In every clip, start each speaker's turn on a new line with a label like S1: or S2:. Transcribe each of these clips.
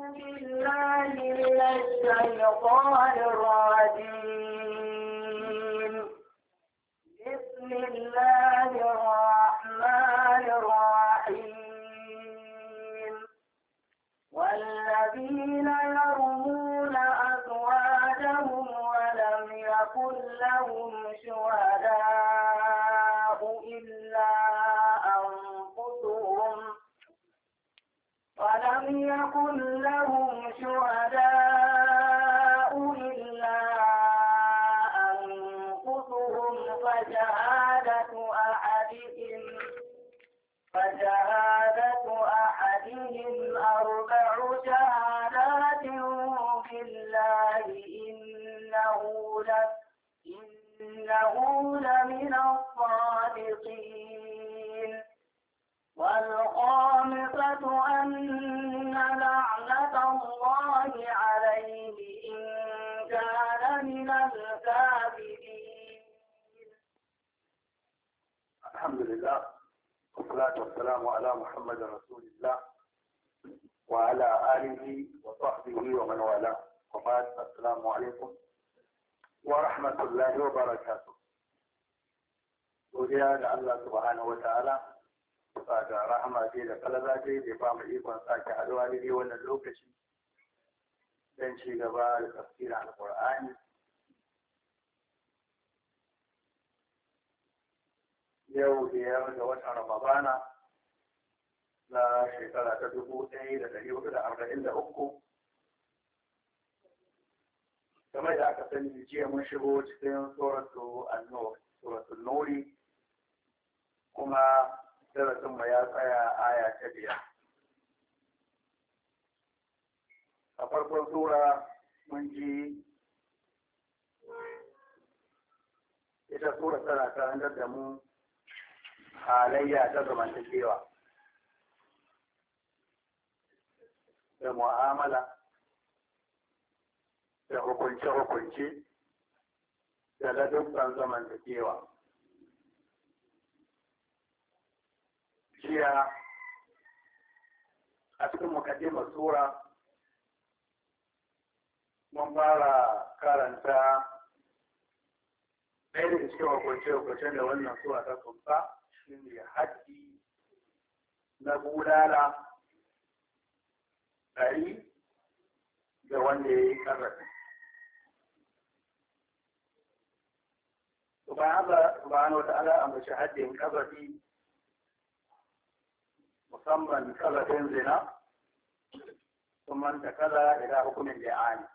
S1: بالله من الشيطان الرجيم بسم الله الرحمن الرحيم والذين يرمون أزواجهم ولم يكن لهم شهداء ولم يكن لهم شهداء إلا أنفسهم فشهادة أحدهم فشهادة أحدهم أربع شهادات بالله إنه لمن الصادقين والقامصة أن لعنة الله عليه إن كان من الكاذبين
S2: الحمد لله والصلاة والسلام على محمد رسول الله وعلى آله وصحبه ومن والاه وبعد السلام عليكم ورحمة الله وبركاته godiya الله سبحانه وتعالى sa da rahama dai da kalaza dai da ba mu ikon sake haɗuwa da dai wannan lokaci don ci gaba da tafsirin alƙur'ani yau biyar da watan ramadana na shekara ta dubu ɗaya da ɗari hudu da arba'in da uku kamar da aka sani jiya mun shigo cikin suratu an suratul nuri kuma darasin ma ya tsaya aya ta biyar a farkon sura mun ji ita sura tana karantar da mu halayya ta zamantakewa da mu'amala da hukunce-hukunce da ladubban zamantakewa jiya a cikin mukaddimar sura mun fara karanta ɗaya da cikin hukunce-hukuncen da wannan sura ta kumfa shi ne haɗi na bulala ɗari da wanda ya yi ƙarrafi. Subhanahu wa ta'ala ambaci haddin kabari musamman kalafin zina kuma ta kala ila hukumin li'ani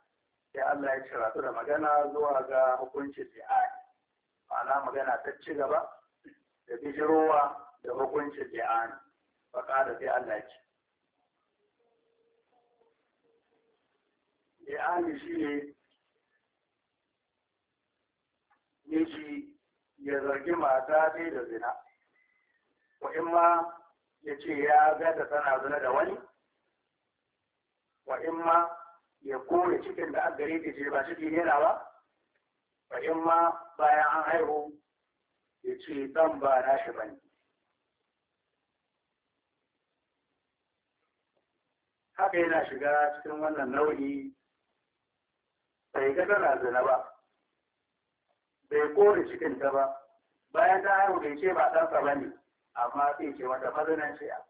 S2: sai Allah ya cira su da magana zuwa ga hukuncin li'ani ma'ana magana ta ci gaba da bijirowa da hukuncin li'ani faƙada sai Allah ce li'ani shi ne miji ya zargi mata dai da zina ko in ma ya ce ya ga da tana zuna da wani wa imma ya kore cikin da aka gare ce ba ciki yana ba wa imma bayan an haihu ya ce dan ba nashi ne. haka yana shiga cikin wannan nau'i bai ga tana zuna ba bai kore cikinta ba bayan ta haihu bai ce ba ɗansa ba ne amma sai ce wata mazanan shi'a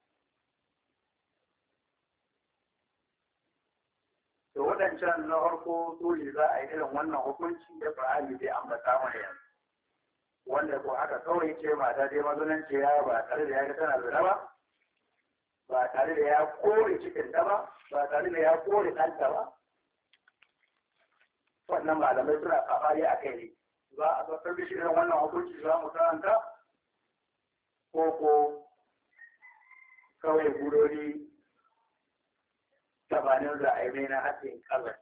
S2: to waɗancan na farko dole za a yi irin wannan hukunci da fa'ali dai an ba samu yanzu. wanda ko aka kawai ce mata dai mazanan shi'a ba tare da ya ga tana zura ba ba tare da ya kore cikin ta ba ba tare da ya kore ɗanta ba wannan malamai suna kafari a kai ne za a zartar da shi irin wannan hukunci za mu karanta koko kawai gurori tabanin ra'ayi na hatin kabar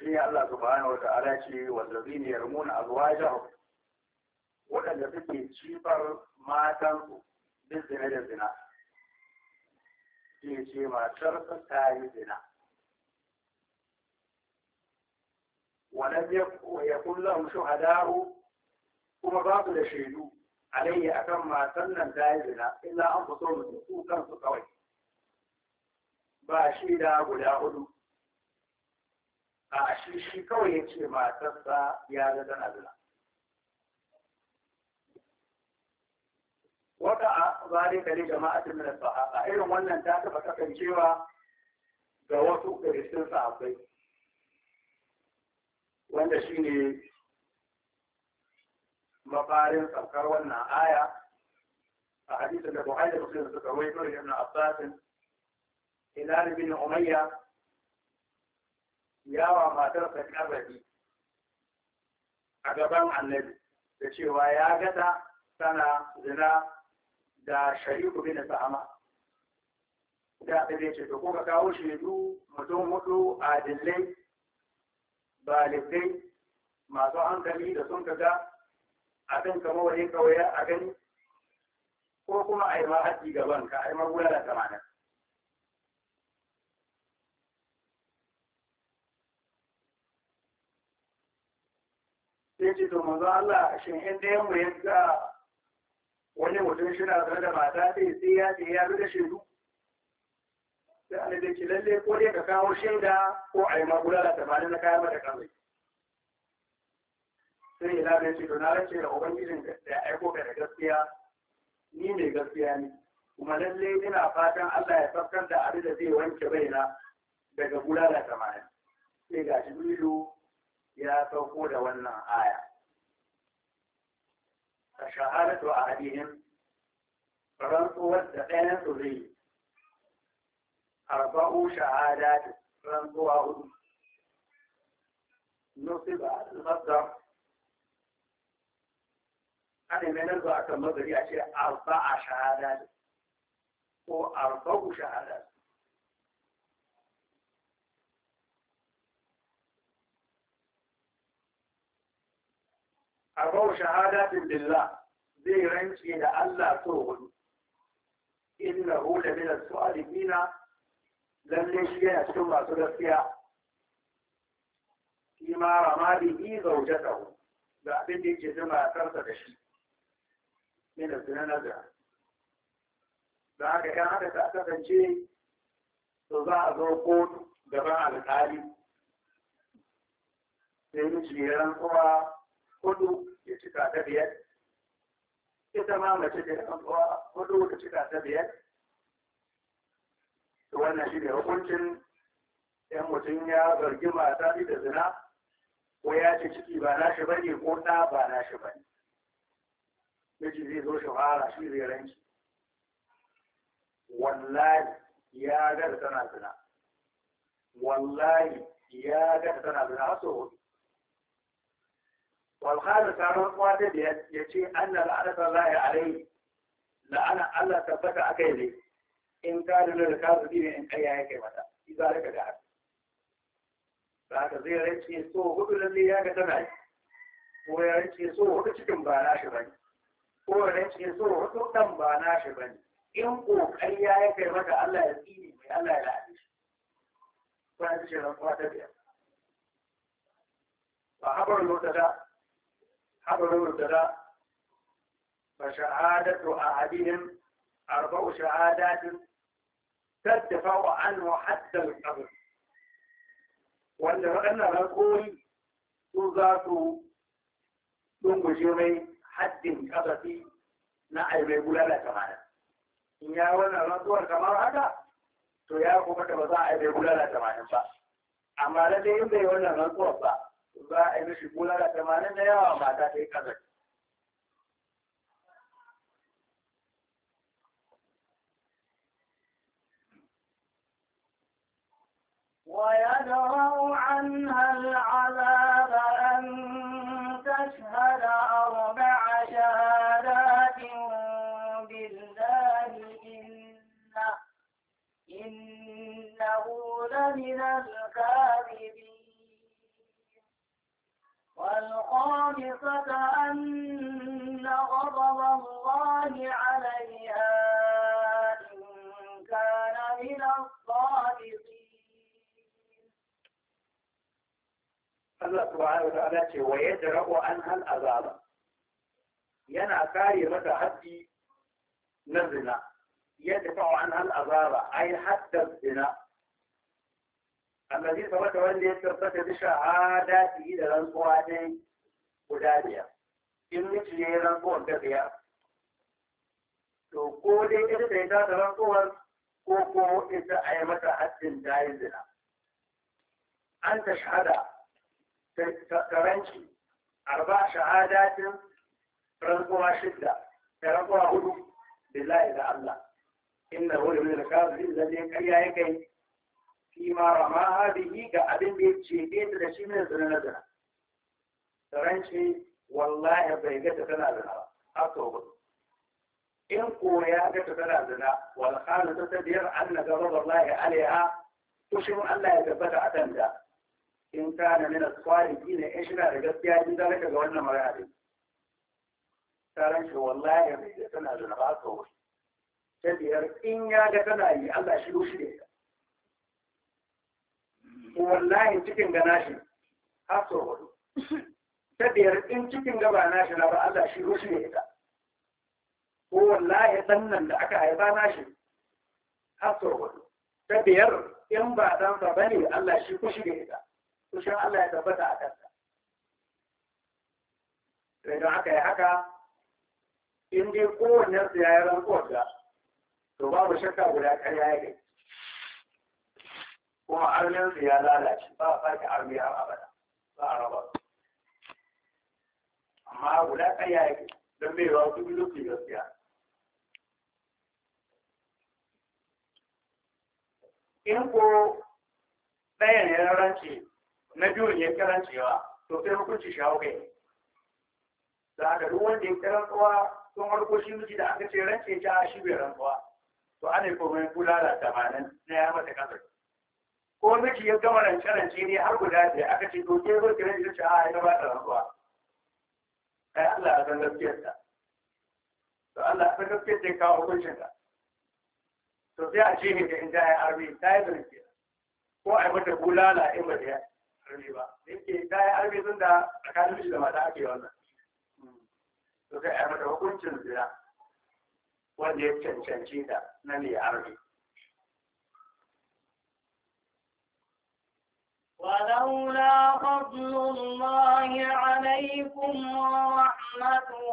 S2: shi Allah subhanahu wa ta'ala ce wallazina yarmuna azwajahum waɗanda suke cifar matan su duk zina da zina Shi ce matar ta yi zina ولم yakun لهم شهداء kuma babu da shaidu alayya akan matan nan ta yi zina illa an fito mutum su kansu kawai ba shi da guda hudu a shi shi kawai ya ce matarsa ya ga tana zina wata a zare kare jama'atin min a irin wannan ta taba kasancewa ga wasu kristin akwai wanda shi ne. mafarin saukar wannan aya a hadisin da Buhari da Muslim suka rawaito da Ibn Abbas Hilal bin Umayya yawa matarsa kabari a gaban Annabi da cewa ya gata tana zina da shariku bin sa'ama da ta ce to kuka kawo shaidu mutum hudu adillai balidai masu hankali da sun ka ga. a kan kama wani kawaya a gani ko kuma a yi ma haji gaban ka a yi magula da tamanin sai ce to manzo Allah shin in da yamma ya ga wani mutum shi na da mata yi sai ya ce ya bi da shaidu sai an da ke lalle ko dai ka kawo shaida ko a yi magula da tamanin na kayan mata kamai sai ila da ce na race da ubangijin da ya aiko ka da gaskiya ni mai gaskiya ne kuma lalle ina fatan Allah ya tafkar da abin da zai wanke raina daga bulala da maya sai ga jibrilu ya sauko da wannan aya a shahadatu a hadihin rantsuwar da ɗayan su zai arba'u shahadatu rantsuwa hudu nusib al-masdar هذا من الزوء أربع شهادات هو شهادات أربع شهادات لله ذي رمش إلى الله تغل إنه لمن الصالحين لم يشكي ثم تلقيا فيما رمى به زوجته لا بدي جزمة ترتدشي min suna na zina da haka yan haka ta kasance to za a zo kotu gaban alƙali sai yi ya kowa hudu ya cika ta biyar ita ma mace da kowa hudu ta cika ta biyar to wannan shi ne hukuncin yan mutum ya zargi mata da zina ko ya ce ciki ba nashi bane ko ɗa ba nashi bane ya ce zai zo shahara shi zai ranki wallahi ya ga tana zina wallahi ya ga tana zina har sau hudu والخالق كانوا قواتل يشي أن لعنة الله عليه لأن الله ثبت أكيد إن كان للكاذبين إن أي هيك متى إذا لك جعل فهذا زي ريتشي سوء قبل اللي ياك تمعي ويا ريتشي سوء قبل شكم بالاش بني ko rashin so wato dan ba na shi bane in kokari ya yi kai maka Allah ya tsini mai Allah ya lafi shi ba shi ran kwata biya ba habar mutada habar mutada fa shahadatu ahadihim arba'u shahadatin تدفع عنه حتى القبر wanda waɗannan raƙoyi su za su ɗungushe mai mai in ya wannan rantsuwar kamar haka to ya kuma da ba za a yi mai ba amma na dai in bai wannan rantsuwar ba za a yi mishi bulala tamanin da yawa mata ta yi kazar
S1: ويدرأ عنها العذاب أن تشهد من الكاذبين والخامسة أن غضب الله عليها إن كان من الصادقين
S2: Allah subhanahu wa ta'ala ce wa yadra'u an hal azaba yana kare mata haddi na zina yadda fa'u an hal azaba ai haddar zina الذي ثبت wanda ya tabbata da shahada yi da rantsuwa ne guda biyar in miji ya yi rantsuwar da biyar to ko dai ita ta yi ta rantsuwar ko ko ita a yi mata haddin dayin zina an ta shahada taranci arba shahadatin rantsuwa shidda da rantsuwa hudu billahi da Allah inna hu limin kafirin da ne karya ya kai فيما رماها به كأبن بيت شهدين تلشي من الزنا نزنا ترنشي والله بيجت تنا زنا أكتوبر إن قويا جت تنا زنا والخالة تدير أن غضب الله عليها تشم أن لا يثبت عتمدا إن كان من الصالحين إشنا رجت يا جدا لك قولنا مرادي ترنشي والله بيجت تنا زنا أكتوبر تدير إن يا جت تنا الله شلوش ليه wallahi cikin ga nashi har sau hudu ta biyar in cikin gaba nashi na ba Allah shi rushe ne ita ko wallahi dan nan da aka haifa nashi har sau hudu ta biyar in ba dan ba bane Allah shi kushi ne ita kushin Allah ya tabbata a kansa idan aka yi haka in dai kowanne su ya yi rankuwar da to babu shakka guda karya ya kai kuma arminsu ya lalace ba a sake armiya abada ba a raba su amma guda ɗaya yake don bai yawa su biyu su gaskiya in ko ɗaya ne na ranci na biyu ne karancewa to sai hukunci shi hau kai da haka duk wanda ya karantsuwa sun harko shi miji da aka ce rance ta shi bai rantsuwa to ana yi komai kula da tamanin na ya mata kasar ko miki ya gama rance-rance ne har guda ɗaya aka ce doke zo ki shi ce a ya ba da rantsuwa ai Allah ya san gaskiyar ta to Allah ya san gaskiyar ta kawo hukuncin ta to sai a ce da in ta yi arbi ta yi zurfi ko a yi mata bulala in ba ta yi arbi ba da yake ta yi arbi sun da tsakanin shi da mata ake wannan to sai a yi mata hukuncin zira wanda ya cancanci ta na ne arbi
S1: ولولا فضل الله عليكم ورحمته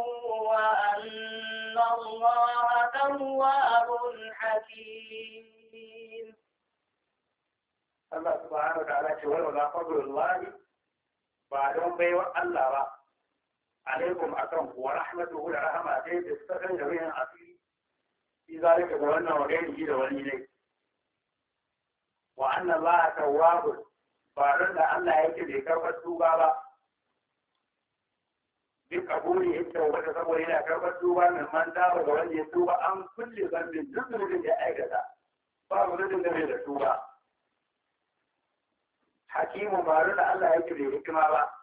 S1: وأن الله تواب حكيم
S2: الله سبحانه وتعالى ولولا فضل الله بعدهم بيوى الله با عليكم أكرم ورحمته لرحمة تستخدم جميع الأصيل في ذلك تولنا وغيره ولي وأن الله تواب ba ran da Allah ya ce bai karɓar tuba ba duk a gori ya ce wata saboda yana karɓar tuba mai man dawo ga wanda ya tuba an kulle zambin duk zunubin da ya aikata ba mu zubin da bai da tuba hakimu ba ran da Allah ya ce bai hikima ba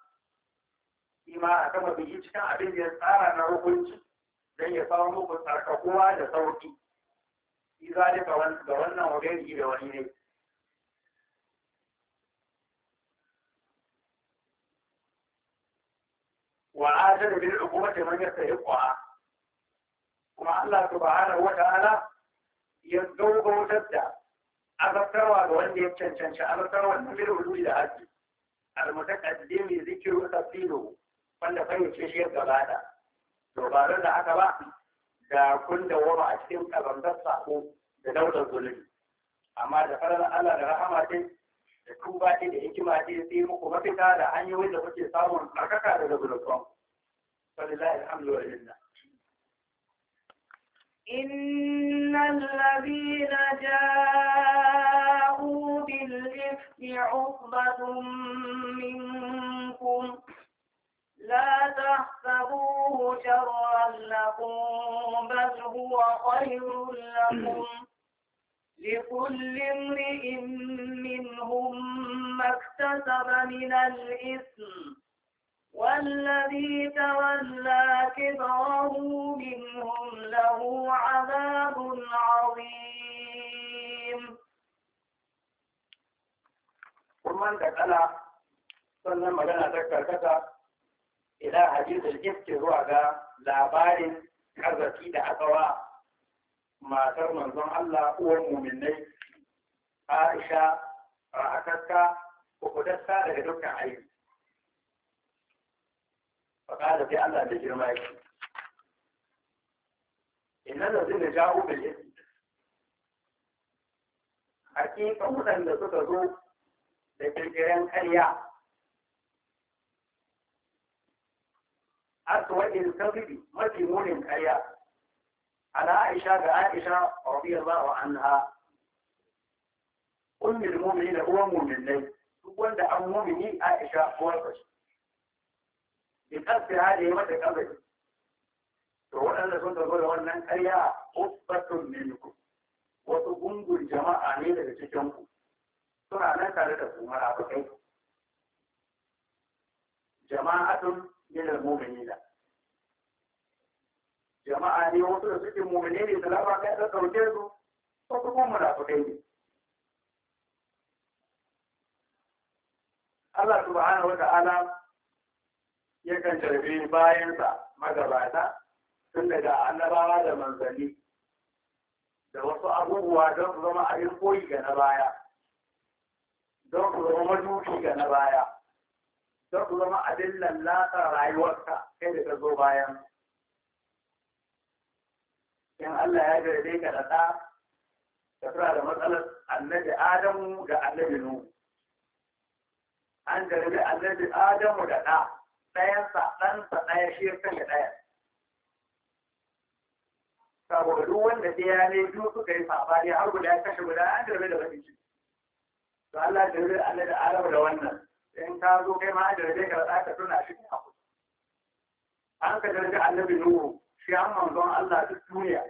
S2: ima a kama biyi cikin abin da ya tsara na hukunci don ya samu muku sarkakuwa da sauki. Iza da ga wannan wagari da wani ne. وعادل بالعقوبة من يستحقها ومع الله سبحانه وتعالى يبدو بوجدة أفكر وأن يبتن شنشا أفكر وأن من الولو إلى حد المتكة الدين يذكر وتبديله فلا فيه تشيء كبادة دوبارة دا عكبا دا كل وضع الشيء كبادة صحو دا دولة الظلم أما دفرنا الله رحمة da tuba ce da hikima ce sai muku mafita da hanyoyin da kuke samun tsarkaka daga zulufan falilahi alhamdu lillah
S1: إن الذين جاءوا بالإفك عصبة منكم لا تحسبوه شرا لكم بل هو خير لكم لكل امرئ منهم ما اكتسب من الاثم والذي تولى كبره منهم له عذاب عظيم
S2: ومن تكلا صلى مجانا تكتر كتا إلى حديث الإفتر وعدا لابارن كذا كيدا أتواه matar manzon Allah uwar muminai Aisha ra'atakka ukudarta daga dukkan aiki faƙada sai Allah da girma yake inna da zai jawo bil ismi hakika da suka zo da kirkiren ƙarya aswa in kazibi mafi munin kariya على عائشة بعائشة رضي الله عنها أم المؤمنين هو مؤمن وأن أم مؤمني عائشة هو الرجل بقصد هذه متى قبل تقول أن كنت أقول أن أيا قصة منكم وتقوم الجماعة ليلة تجمعكم suna nan tare da su marabakai jama'atun min al jama'a ne wasu da suke mummune ne salama kai ta ɗauke su wasu kuma munafukai ne Allah subhanahu wa ta'ala kan tarbi bayansa magabata tun daga annabawa da manzanni da wasu abubuwa don su zama abin koyi ga na baya don su zama madubi ga na baya don su zama abin lallata rayuwarka kai da ta zo bayan in Allah ya garbe ka da ɗa ka tura da matsalar annabi Adamu da annabi Nuhu an garbe annabi Adamu da ɗa ɗayansa ɗansa ɗaya shi ya sanya ɗaya saboda duk wanda ɗaya ne biyu suka yi sabani har guda ya kashe guda an garbe da bakin ciki to Allah ya garbe annabi Adamu da wannan in ka zo kai ma an garbe ka da ɗa ka tuna shi ka an ka garbe annabi Nuhu shi an manzon Allah duk duniya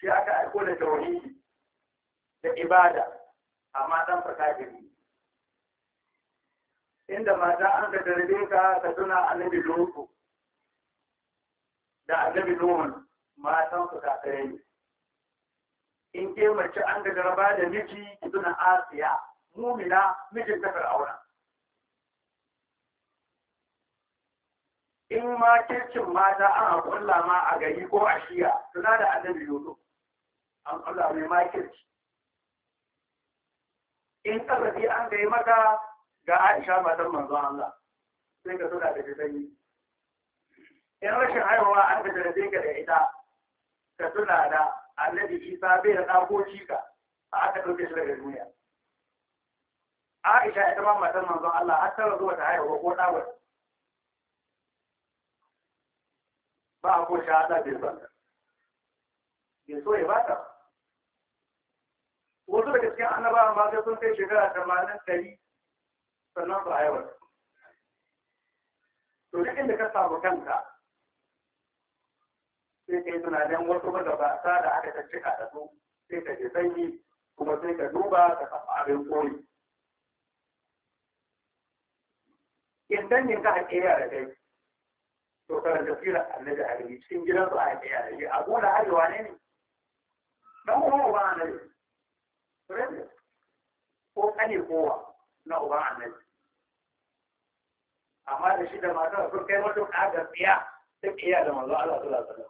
S2: shi aka aiko da tauhidi da ibada amma dan gari inda mata an ka tarbe ka ka tuna annabi Lutu da annabi Nuhun matan su kafirai ne in ke mace an ga garba da miji tuna Asiya mumina mijin ta Fir'auna in ma kirkin mata an kulla ma a gari ko a shiya suna da annabi yodo an kulla mai ma kirki in kasafi an gai maka ga aisha matan manzon Allah sai ka suna da sanyi in rashin haihuwa an ka jarabe ka da ita ka suna da annabi isa bai da ɗakoki ka a aka ɗauke shi daga duniya aisha ita ma matan manzon Allah har ta zuwa ta haihuwa ko ɗawar ba a ko shahada bai ba bai so ya bata wasu da cikin annaba ma sai sun kai shekara tamanin dari sannan ba a yawa to duk inda ka samu kanka sai ka tunanin wasu magabata da aka ta cika da su sai ka je sanyi kuma sai ka duba ka samu abin koyi. In yin ka haƙe yara kai, to karanta sirar annabi alibi cikin gidan su a yake alibi a gona arewa ne ne dan kuma uba annabi ko kane kowa na uba annabi amma da shi da matar sun kai matuƙa ga tsiya ta tsiya da manzo Allah sallallahu alaihi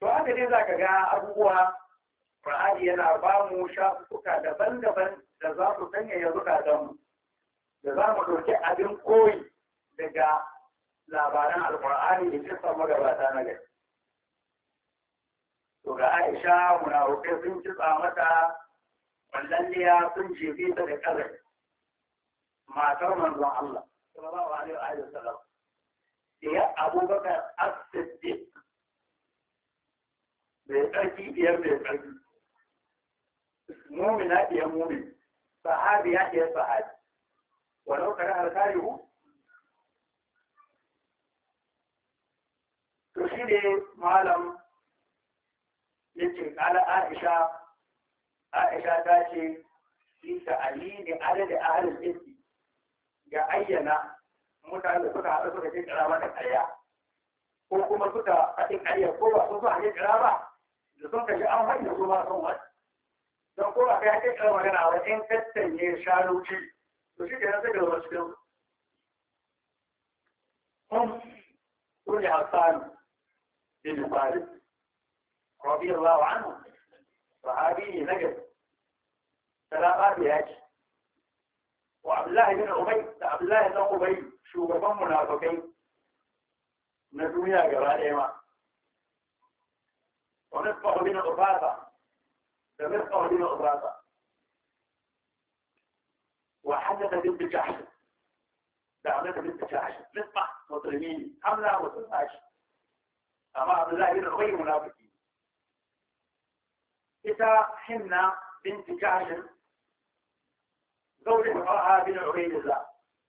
S2: to haka dai zaka ga abubuwa Qur'ani yana ba mu shafuka daban-daban da za su sanya yanzu zuka da za mu ɗauki abin koyi daga labaran alkur'ani da kisan magabata na gari to ga aisha munafukai sun kitsa mata wallalliya sun jefe ta da kazai matar manzon Allah sallallahu alaihi wa sallam ya abubakar as-siddiq bai tsarki biyar bai tsarki mumina biyar mumin sahabi ya biyar sahabi walau kare alkarihu to ne malam yace kala aisha aisha ta ce ta fi ta'alili adadi ahlul ilmi ga ayyana mutane da suka haɗu suka ce karama da ƙarya ko kuma suka faɗi ƙarya ko ba su suka ce karama da sun kashi an hanyar su ma sun wani don ko ba kai ce karama magana wa in tattanye shanu ci to shi ke nan suka zama cikin kun ne hasanu بن خالد رضي الله عنه صحابي نجد سلاقات ياج وعبد الله بن عبيد عبد الله بن عبيد شو بفهم منافقين يا نجويا ايما ونفقه بن أبراطة فنفقه بن أبراطة وحدث بنت جحش دعمت بنت جحش نفقه مطرمين حملة وتنفاش amma Abdullahi bin Rubai munafiki ita Hinna binti Jahsh zaujin Talha bin Ubaydillah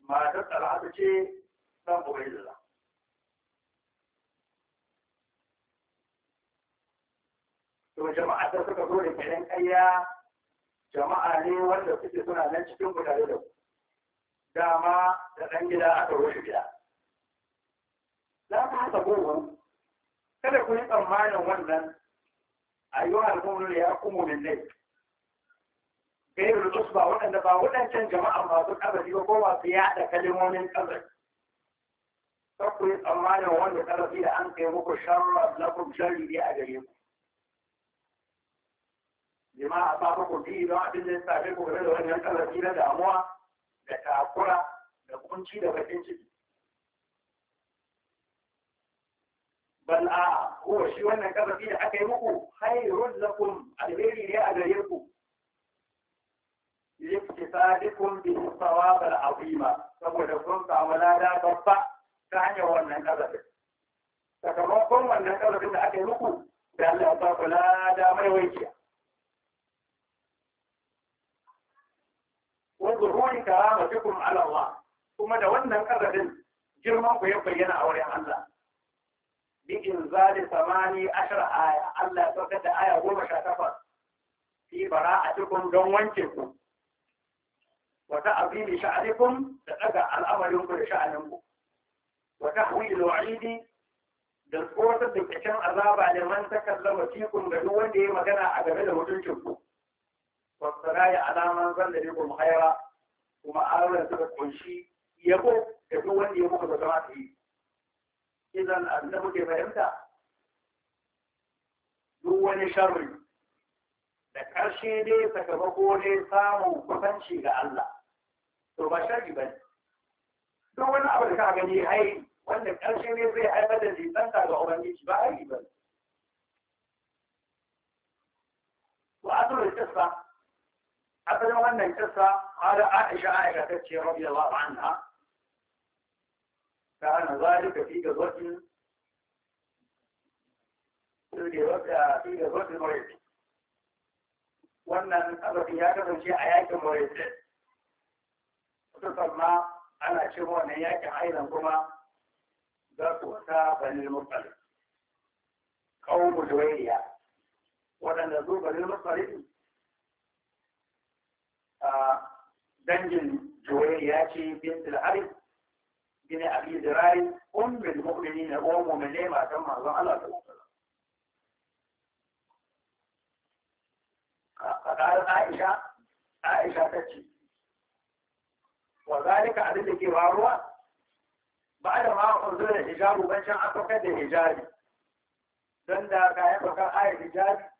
S2: matar Talha ce dan Ubaydillah to jama'a ta suka zo da kiran ƙarya jama'a ne wanda suke suna nan cikin mutane da dama da ɗan gida aka rushe gida za ka haka gobe kada ku yi tsammanin wannan ayyuhal mu'minu ya kumu min lai gairul usba waɗanda ba waɗancan jama'a masu kabari ba ko masu yaɗa kalimomin kabari kar ku yi tsammanin wanda ƙarfi da an kai muku sharra na kun sharri ne a gare ku lima a sa muku biyu don abin da ya same ku game da wannan ƙarfi na damuwa da takura da kunci da bakin ciki bal a ko shi wannan kasafi da aka yi muku khairun lakum alheri ne a gare ku iktisadikum bi thawab al-azima saboda kun samu lada babba ta hanyar wannan kasafin sakamakon wannan kasafin da aka yi muku da Allah ya ba ku lada mai wajiya wa zuhuri karamatukum ala Allah kuma da wannan kasafin girman ku ya bayyana a wurin Allah بإنزال ثماني عشر آية الله سوكت آية قوم شاتفر في براءتكم دون وانتكم وتعظيم شأنكم تتقع الأمر ينقل شأنكم وتحويل وعيد da tsoratar da kyakkyan azaba da man ta kallama fikun ga duk wanda ya magana a game da mutuncin ku wasara ya alaman zan da ne kuma haira kuma ayoyin suka kunshi yabo da duk wanda ya muka zama su yi idan annabi ke fahimta duk wani sharri da ƙarshe dai sakamako ne samun kusanci ga Allah to ba sharri ba duk wani abu da ka gani hai wanda ƙarshe ne zai haifar da nisanta ga ubangiji ba ai ba wa asirin kissa asalin wannan kissa har Aisha Aisha ta ce radiyallahu anha كان ذلك في جبهة في جبهة في جبهة مريض وأن هذا في هذا أنا شبه أن ياك أيضا كما ذات وساء بني المطلق قوم جويريا وأن ذو بني المطلق آه دنجن جويريا في بنت العرب shine abi zirai ummul mu'minin wa mu'minai matan manzon Allah sallallahu alaihi wasallam قال عائشة عائشة تجي وذلك عدد كبارها بعد ما أنزل الحجاب وبنشان أتركت الحجاب دون ذا كان يترك آية الحجاب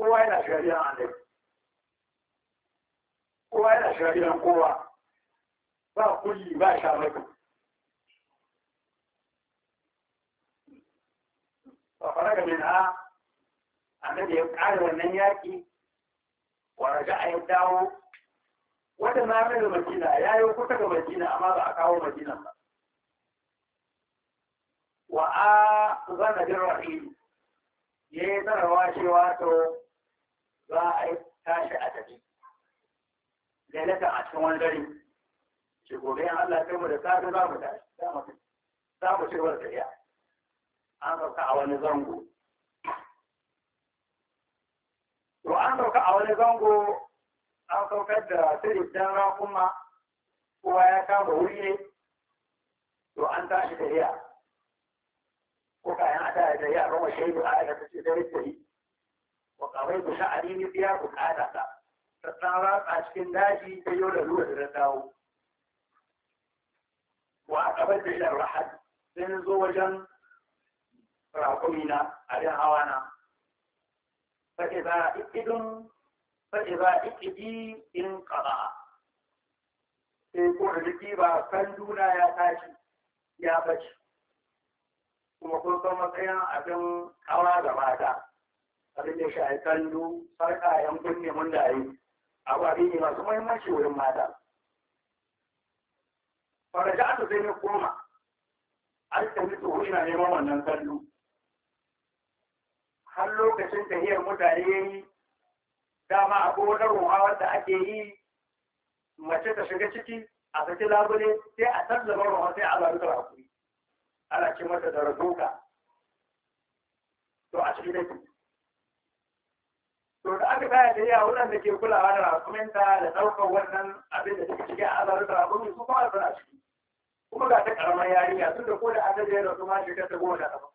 S2: هو إلى شهرين عندك هو إلى شهرين قوة فكل باشا لكم فخرج منها annabi ya ƙara wannan yaƙi wa raja a ya dawo wata na mai madina ya yi kusa ga madina amma ba a kawo madina ba wa a zana bin rahim ya yi sanarwa cewa to za a yi tashi a tafi a cikin wani gobe Allah da safe za da tafiya an sauka a wani zango to an sauka a wani zango an saukar da sirri dan rakuma kowa ya kama wuri ne to an tashi da riya ko kayan ada da riya roma shaidu a aka tashi da riya wa kawai da sha'ani ne biya bukata ta ta tsara a cikin daji ta yau da ruwa da dawo wa aka bar da ilar rahad sai zo wajen rakumina abin hawana fa'iza ikidun a ikidi in ƙaba sai ko riki ba kan duna ya tashi ya bace kuma kun san matsayin abin hawa gaba mata abin da shi a du farka yan kunne mun da yi abin ne masu muhimmanci wurin mata faraja'atu sai ne koma an tafi tsoho ina neman wannan kallo har lokacin tahiyar mutane ya yi dama akwai kowane ruwa wanda ake yi mace ta shiga ciki a saki labule sai a tattalin ruwa sai a zaru da kuri ana ce mata da ragoka to a ciki take to da aka yi da wurin da ke kulawa da rakuminta da ɗaukar wannan abin da suke ciki a zaru da hakuri su kuma suna ciki kuma ga ta ƙaramar yarinya tun da ko da aka jera da su ma shekar ta goma da takwas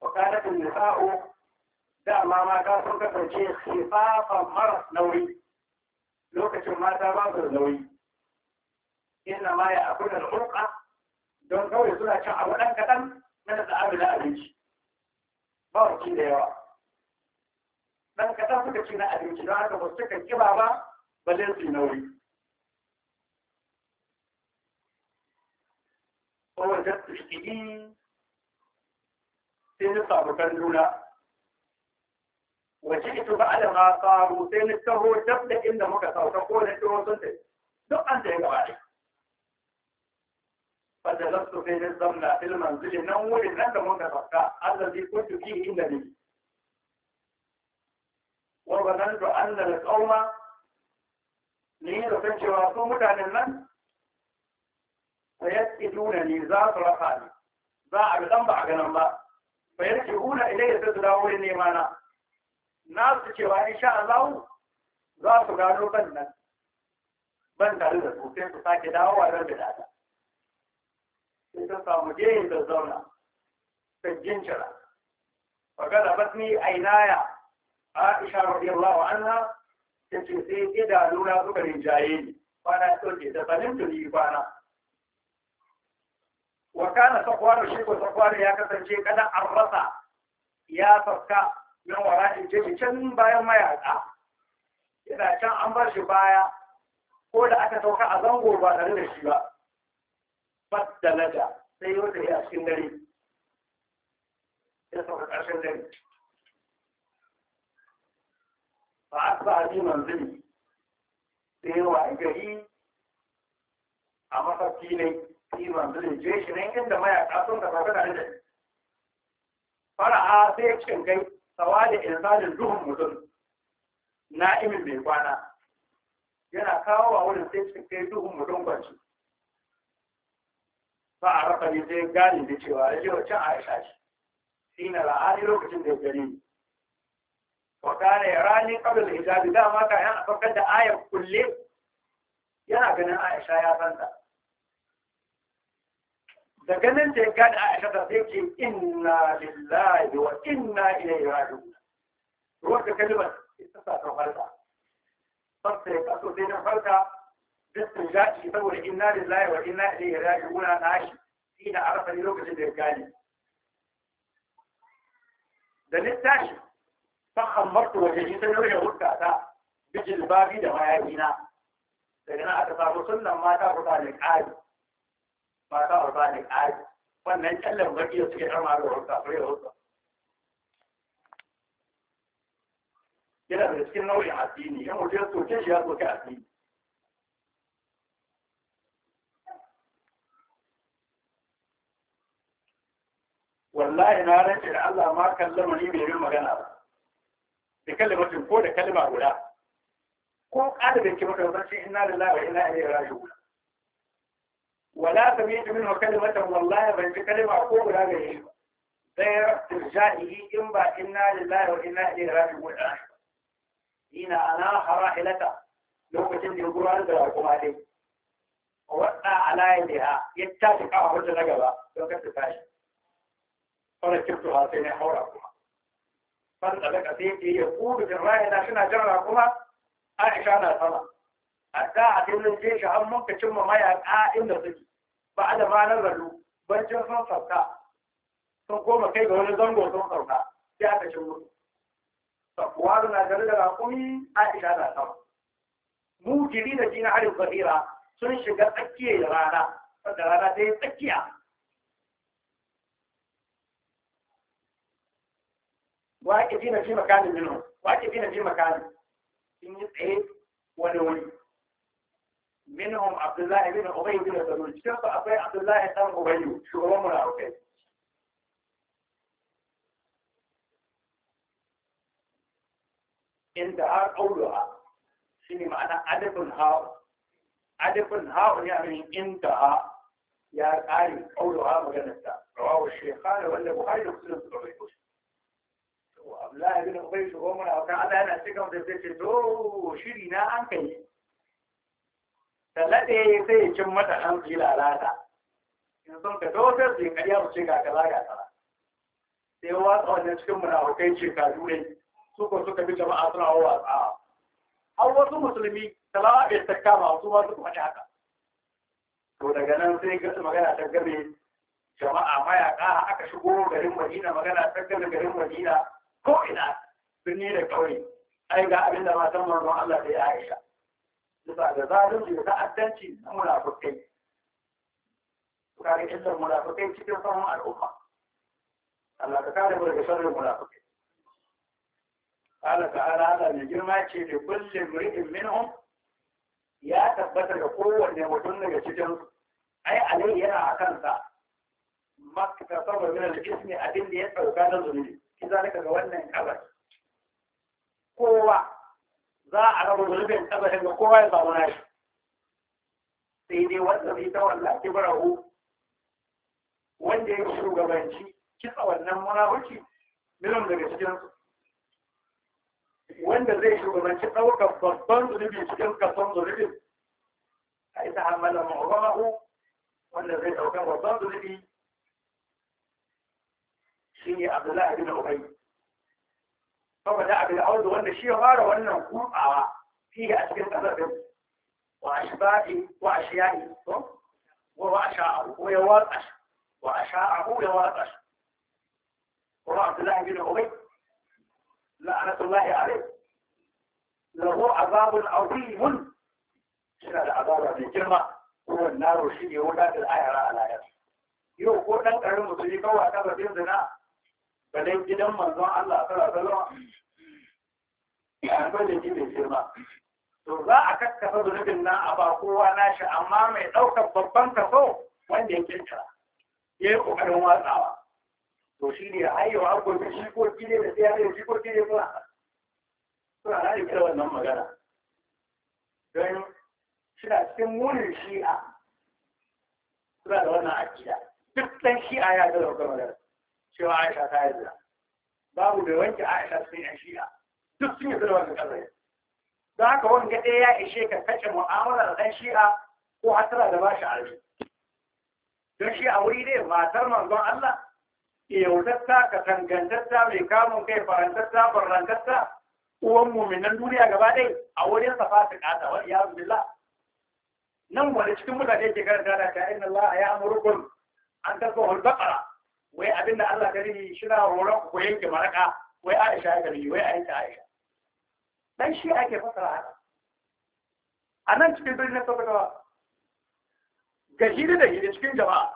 S2: وكانت النساء دعما ما كان كفرشي خفافا مرض نوي لوكة ما تابعوا نوري إنما يأكل الحلقة دون قول سنة شعولا لنكة من الزعاب لا أبيش بارك الله dan kaɗan suka ci na abinci don haka ba su cika kiba ba balle su nauyi. Kowar da su sai na samu kan juna wace ita ba da ma faru sai na taho dab da inda muka sauka ko na taho sun ta duk an ta yi gaba ne fadda za su sai na zamna filman zilin nan wurin nan da muka sauka allah zai kuntu fi inda ne warwanan da an da tsauma ne da san cewa su mutanen nan sayar iduna ne za su rafa ne za a ga dan ba a ganin ba bayan ji'una ilayya sai su dawo wurin nema na na su cewa in sha Allah za su gano kan nan ban tare da su sai su sake dawo a da ta sai ta samu jeyin da zauna ta jinjira magana batni ainaya Aisha radiyallahu anha ce sai idanuna suka rinjaye ni kwana so ke da sanin tuni kwana Wakana kana sakwaro shi ko ya kasance kada arrasa ya sauka min wara'in jeji can bayan mayaka yana can an bar shi baya ko da aka sauka a zango ba tare da shi ba faddalaja sai yau da ya cikin dare ya sauka ƙarshen dare ba a ba ni manzili sai yawa gari a mafarki ne shi inda mayaka sun da shi da duhun mutum kwana yana kawo a wurin sai cikin kai duhun mutum kwanci ba a rafa ne sai gane da cewa ya wacce a aisha shi shi na lokacin da ya gani ni wa ya rani kabin hijabi dama ka yana saukar da ayar kulle yana ganin aisha ya santa لكن انت كان عائشه تقول انا لله وانا اليه راجعون روح تكلمت استطاعت وخلتها صرت تقول زين خلتها بس رجعت يقول انا لله وانا اليه راجعون انا عايش فينا عرف اليوم اللي رجعني ده لسه فخم مرته وجهي تنوي وجه وقتها بجلبابي ده ما يجينا لكن انا اتفاهم سنه ما تاخذها للعالم mata ba da ƙari wannan kyallon baki da suke rama da wasu kafirai da wasu yana da cikin nau'in addini yan mutum soke shi ya soke addini wallahi na rance da Allah ma kallama ni bai yi magana ba da kalmatin ko da kalma guda ko ƙada da ke maka zance ina da lawa ina iya rayu ولا سمعت منه كلمة والله بل بكلمة أقول لا غير غير إرجائه إن إنا لله وإنا إليه راجعون حين أنا راحلته لو كنت يقول هذا كما دي وقع على يدها يتاتي قهوة نقبة لو كنت فاشل فركبتها سنة فأنت لك سيدي يقول في الراية لكنها جرى كما عائشة أنا صلاة da, a har mun an muka cimma a inda suke ba a da ma rallo ban jin sun sauka sun koma kai ga wani zango sun sauka sai aka cin musu sakuwa na gari da raƙumi isa da sama mu giri da jina harin bahira sun shiga tsakiyar rana da rana ta yi tsakiya waƙi jina fi makanin minu waƙi jina fi makanin sun yi tsaye wani wani منهم عبد الله بن أبي بن سلول شوف أبي عبد الله بن أبي شو هو منافقين انتهى اولها شنو معنى أدب هاو أدب هاو يعني انتهى يا قاري اولها مجنسة رواه الشيخان ولا بخاري ومسلم في الصحيح وعبد الله بن أبي شو هو منافقين هذا أنا أتكلم في شيري نا أنكي talla ya yi sai ya cin mata dan su lalata in sun ka dokar su kariya su ce ga kaza ga kaza sai watsa cikin munafukai ce ka dure su ko suka bi jama'a suna watsa har wasu musulmi talawa bai ta kama su ma suka faɗi haka to daga nan sai ga magana ta gabe jama'a mayaka aka shigo garin Madina magana ta gabe garin Madina ko ina birni da kauye ai ga abin da matan manzon Allah da ya Aisha bisa da zalunci da ta'addanci na munafukai kare illar munafukai cikin samun al'umma Allah ka kare mu daga sharrin munafukai Allah ta'ala Allah mai girma ce da kulle mri'in minhum ya tabbata ga kowanne mutum daga cikin ai alai yana a kansa makka saboda min al-ismi abin da ya dauka na zunubi kiza daga ga wannan kabar kowa za a raba rubin kabarin da kowa ya samu nashi sai dai wanda zai ta walla kibarahu wanda ya shugabanci kitsa wannan munafuci milon daga cikin wanda zai shugabanci ɗaukar babban zunubi cikin kasan zunubin a ita hamala ma'uramahu wanda zai ɗaukar babban zunubi shi ne abdullahi da ubai فبدأ بالأول وأن الشيء غار وأن نقوم فيه أسكن أبدا وأشباهه وأشيائه وأشاعه ويوال أشع وأشاعه ويوال أشع وعبد الله بن أبي لعنة الله عليه له عذاب عظيم شنو العذاب الجرمة هو النار الشيء ولا الآية على آية يقول لك أنا مسلم وأنا بدين kadai gidan manzon Allah sallallahu alaihi wasallam akwai da ji mai girma to za a kakkafa zunubin nan a ba kowa nashi amma mai ɗaukar babban kaso wanda ya kirkira ya yi ƙoƙarin watsawa to shi ne ayyawa shi ko ne da sai shi ko ne suna suna na ikira wannan magana don suna cikin munin shi'a suna da wannan akida duk ɗan shi'a ya ga daukar magana cewa Aisha ta yi zina babu mai wanke Aisha sun yi shi'a duk sun yi zina wannan kasar don haka ya ishe ka kace mu'amala da ɗan shi'a ko hasara da ba shi arzi don shi a wuri dai matar manzon Allah yautatta ka tangantatta mai kamun kai farantatta farantatta uwan muminan duniya gaba ɗaya a wurin safa ta kata wal iyadu billah nan wani cikin mutane ke karanta da ta inna Allah ya an tasbahu al-baqara wai abinda Allah ka nufi shi na roron ku yanke maraka wai Aisha ya gari wai a Aisha dan shi ake fasara haka a nan cikin birnin saboda ga hiri da hiri cikin jama'a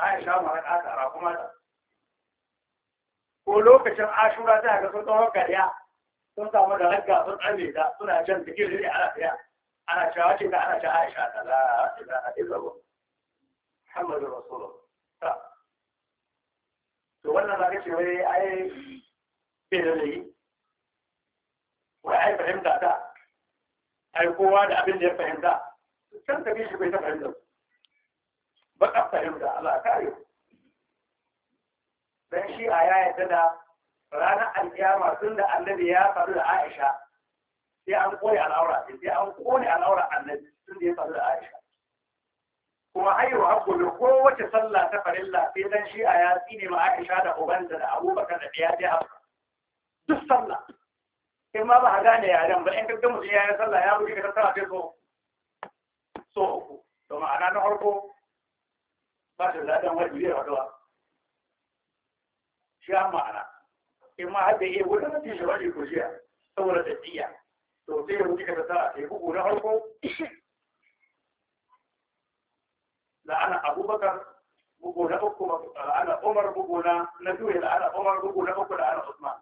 S2: Aisha maraka ta ara kuma ta ko lokacin Ashura ta ga sun tsawon gariya sun samu da ragga sun tsare ta suna can cikin da ana tsaya ana cewa ce da ana cewa Aisha ta la ilaha illallah Muhammadur Rasulullah to wannan za ka ce wai ai bai da yi wai ai fahimta ta ai kowa da abin da ya fahimta can ka shi bai ta fahimta ba ka fahimta Allah ka yi dan shi a ya yadda da ranar alkiyama tun da annabi ya faru da Aisha sai an kone al'aura sai an kone al'aura annabi tun da ya faru da Aisha kuma har abu da kowace sallah ta farilla sai dan shi a ya tsine ma Aisha da Ubanda da Abubakar da ya je haka duk sallah in ma ba gane yaren ba in ka ga mutum yayin sallah ya buɗe ka sallah sai so so uku to ma'ana na farko ba ta da dan wani biyar wadawa shi an ma'ana in ma har da iya wurin da shi wani ko jiya saboda tafiya to sai ya buɗe ka sallah sai bugu na farko la'ana abubakar bugu na uku la'ana umar bugu na na biyu la'ana umar bugu na uku la'ana usman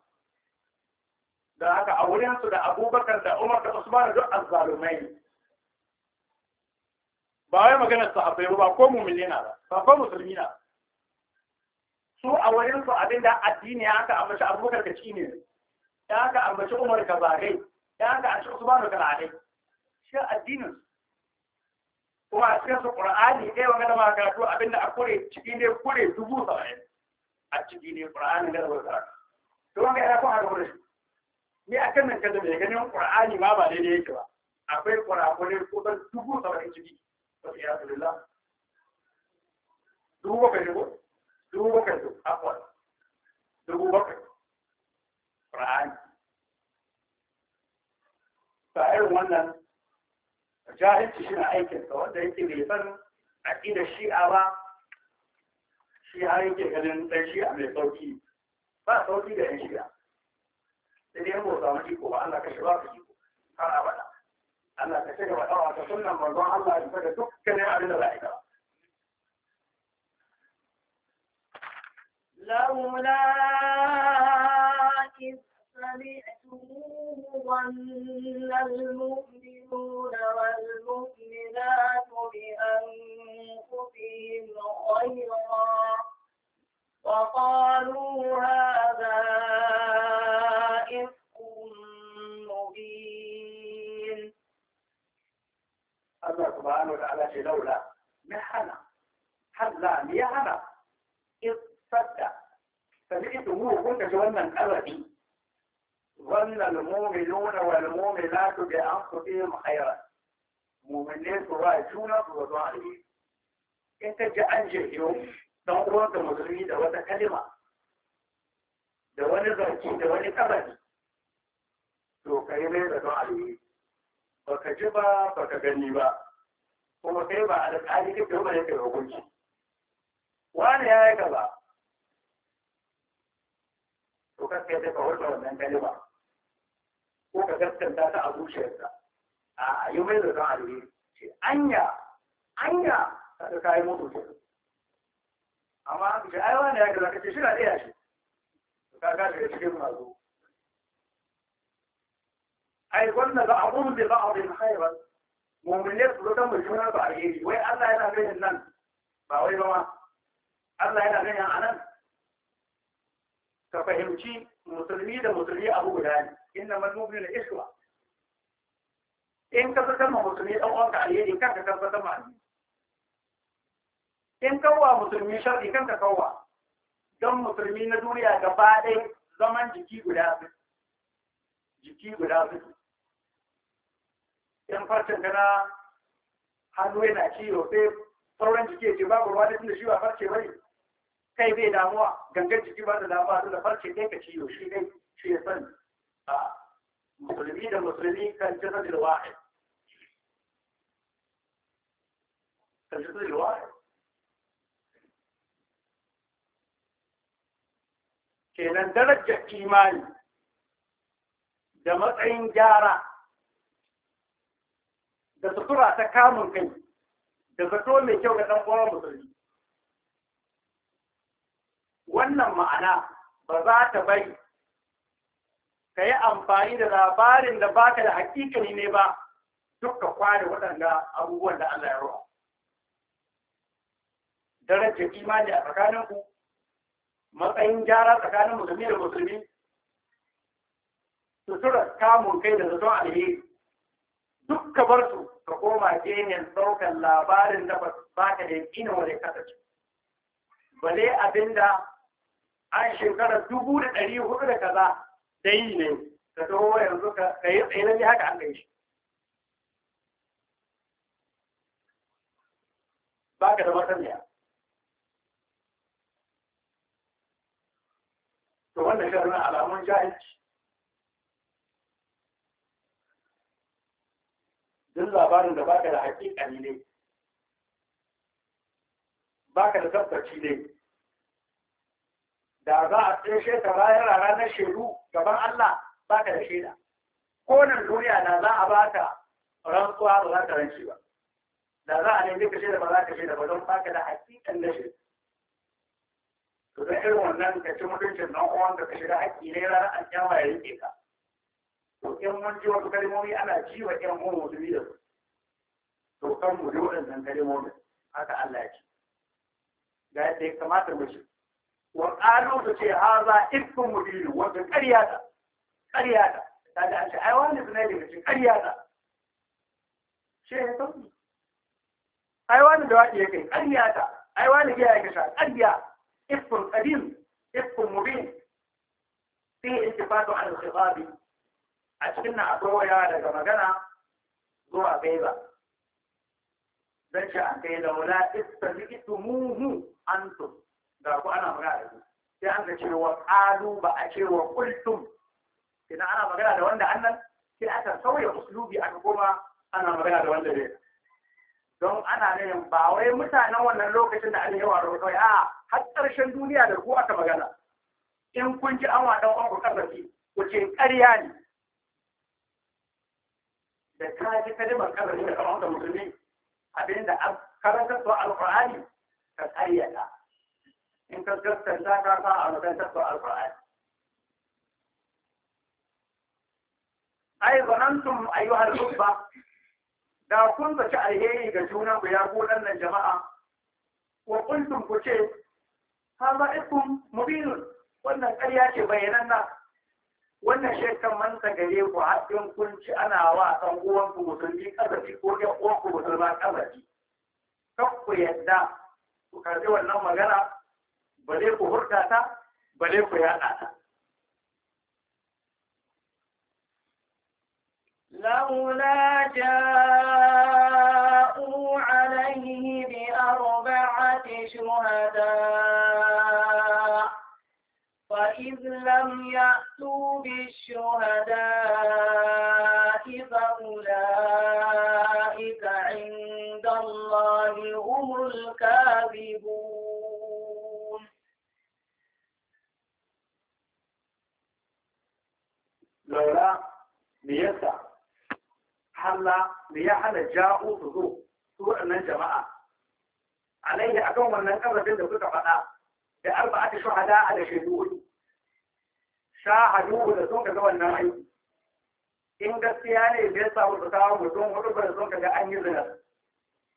S2: da haka a wurin su da abubakar da umar da usman duk azzalumai ne ba wai maganar sahabbai ba ko mu'mini na ba ko musulmi na su a wurin su da addini ya haka ambaci abubakar ka ci ne ya haka ambaci umar ka zagai ya haka ambaci usman ka lalai shi addinin su kuma a cikin su qur'ani ɗaya wanga ma karatu abinda a kure ciki ne kure dubu saba'in a ciki ne qur'ani da wani karatu to wanga yana kuma ga wurin ni a kan nan kada mai ganin qur'ani ma ba daidai yake ba akwai qur'ani kusan dubu saba'in ciki wasu ya rasulullah dubu bakwai ne ko dubu bakwai ne akwai dubu kai qur'ani ba irin wannan jahilci shi na aikinsa wanda yake bai san aƙidar shi'a ba shi har yake ganin ɗan shi'a mai sauki ba sauki da ɗan shi'a sai dai mu samu iko ba Allah ka shi ba ka iko har abada Allah ka shiga faɗa wa ta sunan manzon Allah ya fada dukkanin abin da za a yi gaba. لولا
S1: إذ سمعت ظن المؤمنون والمؤمنات بأنفسهم خيرا وقالوا هذا إفق مبين
S2: الله سبحانه وتعالى لولا نحن حلا ليهنا إذ صدق سمعتموه كنت جوانا أبدي ظن المؤمنون والمؤمنات بأنفسهم خيرا مؤمنين سواء جونا وضعي in ka ji an jehiyo don uwanka musulmi da wata kalima da wani zarki da wani kabari to ka yi mai da don ba ka ji ba ba ka gani ba kuma ba wani ya yi gaba to ka wannan kalima ko ka gaskanta ta a zuciyarsa a yi mai da zan alheri ce anya anya ka kayi mutu ke amma an ce ai wani ya gaza ka ce shi na ɗaya shi ka ga daga cikin mazo ai wanda za a umbi ba a bin hairar mummune su zata mu juna ba alheri wai Allah yana ganin nan ba wai ba ma Allah yana ganin a nan ka fahimci musulmi da musulmi abu guda ne inna mal mu'minu ikhwa in ka san ma musulmi dan uwanka alheri kan ka tabbatar ma alheri in kawwa musulmi sharri kan ka kawwa don musulmi na duniya gaba ɗaya zaman jiki guda su jiki guda su In farcen kana hannu yana ciwo sai sauran jiki ya ce babu ruwa da tun da shi ba farce bane kai bai damuwa gangan jiki ba da damuwa da farce ɗaya ka ciyo shi dai shi ya sani musulmi da musulmi kan jasad da wahid kan jasad da wahid kenan darajar imani da matsayin gyara da sutura ta kamun kai da zato mai kyau ga ɗan uwan musulmi wannan ma'ana ba za ta bari ka yi amfani da labarin da baka da hakikani ne ba duk ka kware waɗanda abubuwan da Allah ya ruwa darajar imani a tsakaninku matsayin gyara tsakanin musulmi da musulmi suturar kamun kai da zaton alheri duk ka bar su ka koma geniyar ɗaukar labarin da ba ka da yakinin wani kasance bale abinda an shekarar dubu da ɗari hudu da kaza da yi ne ka taho yanzu ka yi tsaye haka an kai ba ka da masaniya to wannan shirin alamun jahilci duk labarin da baka da hakika ne baka da tabbaci ne da za a tsaye ta bayan ranar shaidu gaban Allah ba ta da shaida ko nan duniya da za a ba ta rantsuwa ba za ta rance ba da za a nemi ka da ba za ka shi da ba don ba ka da hakikan na shaida to da irin wannan ka ci mutuncin nan uwan da ka shiga haƙƙi ne ranar alƙiyama ya rike ka to in mun ji wasu kalmomi ana ji wa ƴan uwan musulmi da su to kan mu ji waɗannan kalmomin haka Allah ya ce ga yadda ya kamata mu ci wa qalu su ce haza ifkun mubin wanda ƙarya ta ƙarya ta kaga an ce ai wani ne daga cikin ta she ya tauni ai wani da wani yake ƙarya ta ai wani ya yake sha ifkun qadim ifkun mubin fi intifatu al khitabi a cikin na waya daga magana zuwa gaiba dan shi an kai laula istami'tumuhu antum da ku ana magana da su sai an ga cewa qalu ba a cewa qultum idan ana magana da wanda annan sai aka sauya uslubi aka koma ana magana da wanda bai don ana nuna ba wai mutanen wannan lokacin da an yi wa rahoto a har ƙarshen duniya da ku aka magana in kun ji an wadan ku karfafi ku ce ƙarya ne da ka ji kalimar karfafi da kamar da musulmi abinda karantar su al alƙur'ani ka ƙaryata in ka gaskata ka sa a matsayin tabbar alƙur'ani ai zanantum ayyuhal ubba da kun zaci alheri ga juna ku ya ku nan jama'a wa kuntum ku ce haza ikum mubinun wannan ƙarya ce bayananna wannan shekan manta gare ku haɗin kun ci ana wa ɗan uwan ku musulmi ƙazafi ko ɗan uwan ku musulma ƙazafi kan ku yadda ku karɓi wannan magana bale ku hurta ta bale ku yaɗa ta
S1: لولا جاءوا عليه بأربعة شهداء فإذ لم يأتوا بالشهداء فأولئك عند الله هم الكاذبون
S2: daura me yasa halla me ya hana ja'u su zo su waɗannan jama'a alaihi akan wannan ƙarfin da suka faɗa da arba'atu hada a da shaidu shahadu da sun ka ga wannan aiki in gaskiya ne da ya samu su kawo mutum hudu ba da sun ga an yi zina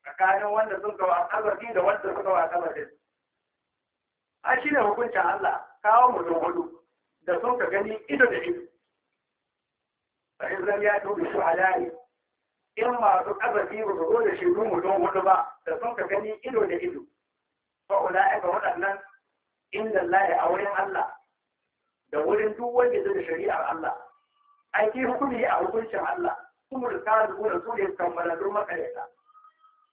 S2: tsakanin wanda sun kawo azabi da wanda suka wa azabin a shi ne hukuncin Allah kawo mutum hudu da sun ka gani ido da ido فإن لم يأتوا بالشهداء إما تقبل فيه بقول شيوخ ودون غلبة تصنك كني إلو لإلو فأولئك وأنن إن الله أولين الله da wurin duk wanda zai da shari'ar Allah ai ke hukumi a hukuncin Allah kuma da ka zuwa su ne kammala duk makareta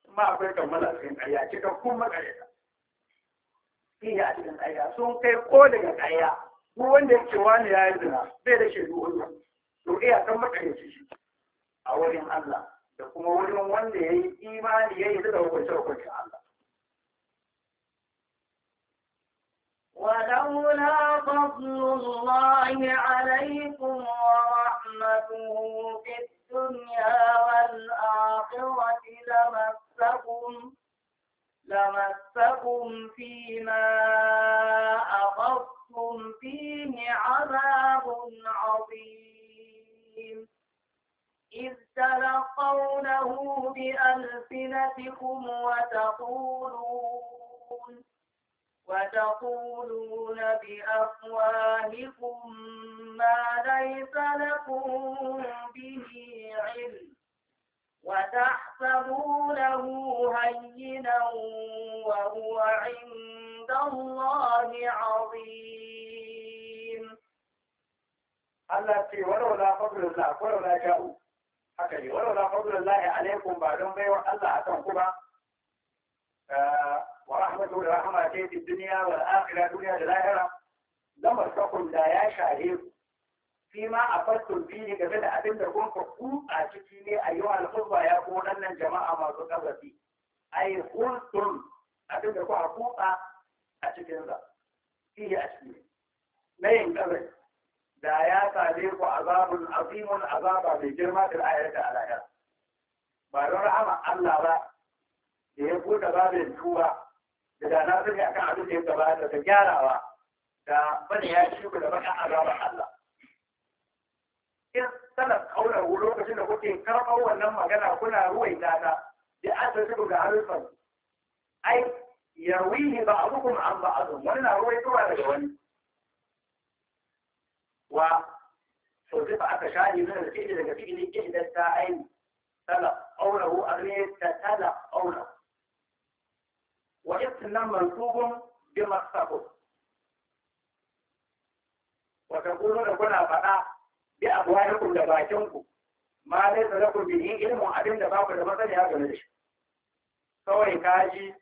S2: kuma akwai kammala cikin ƙarya cikakkun makareta iya a cikin ƙarya sun kai ko daga ƙarya duk wanda ya ce wani ya yi zina bai da shaidu wannan to iyakan makaryaci shi a wurin Allah da kuma wurin wanda ya yi imani ya yi da hukunce hukuncin Allah. ولولا
S1: فضل الله عليكم ورحمته في الدنيا والآخرة لمسكم لمسكم فيما أخذتم فيه عذاب عظيم إذ تلقونه بألسنتكم وتقولون وتقولون بأفواهكم ما ليس لكم به علم وتحسبونه هينا وهو عند الله عظيم
S2: Allah ce walaula fadlullah walaula ja'u haka ne walaula fadlullah alaikum ba don baiwar Allah akan ku ba wa rahmatu da rahama ce fi duniya wal akhirah duniya da lahira lamar sakun da ya shahe ku fi ma a fattun fili game da abin da kun ka kutsa ciki ne a yi wa al'umma ya ko nan jama'a masu ƙarfafi ai hulɗun abin da kuka kutsa a cikin sa fiye a ciki na yin ƙarfafi da ya same ku azabun azimun azaba mai girma da ayata a lahira ba don rahama Allah ba da ya buɗe babin tuba da da na sani akan abin da ya gabata da gyarawa da bane ya shi da baka azabar Allah in sanar kaunar ku lokacin da kuke karɓar wannan magana kuna ruwaita ta da asali ga harufan ai yarwihi ba abukum an ba'adun wani na ruwaitowa daga wani wa sorrifa aka shaɗi mana da fi'ili daga fi'ili ihda sa'ain tala aurahu arrayta tala aura wa ittinan mansubun bi masabu wa taqulu la kuna fada bi abwaikum da bakinku ma dai sarakun bi ilmin abin da baku da masani ya shi kawai kaji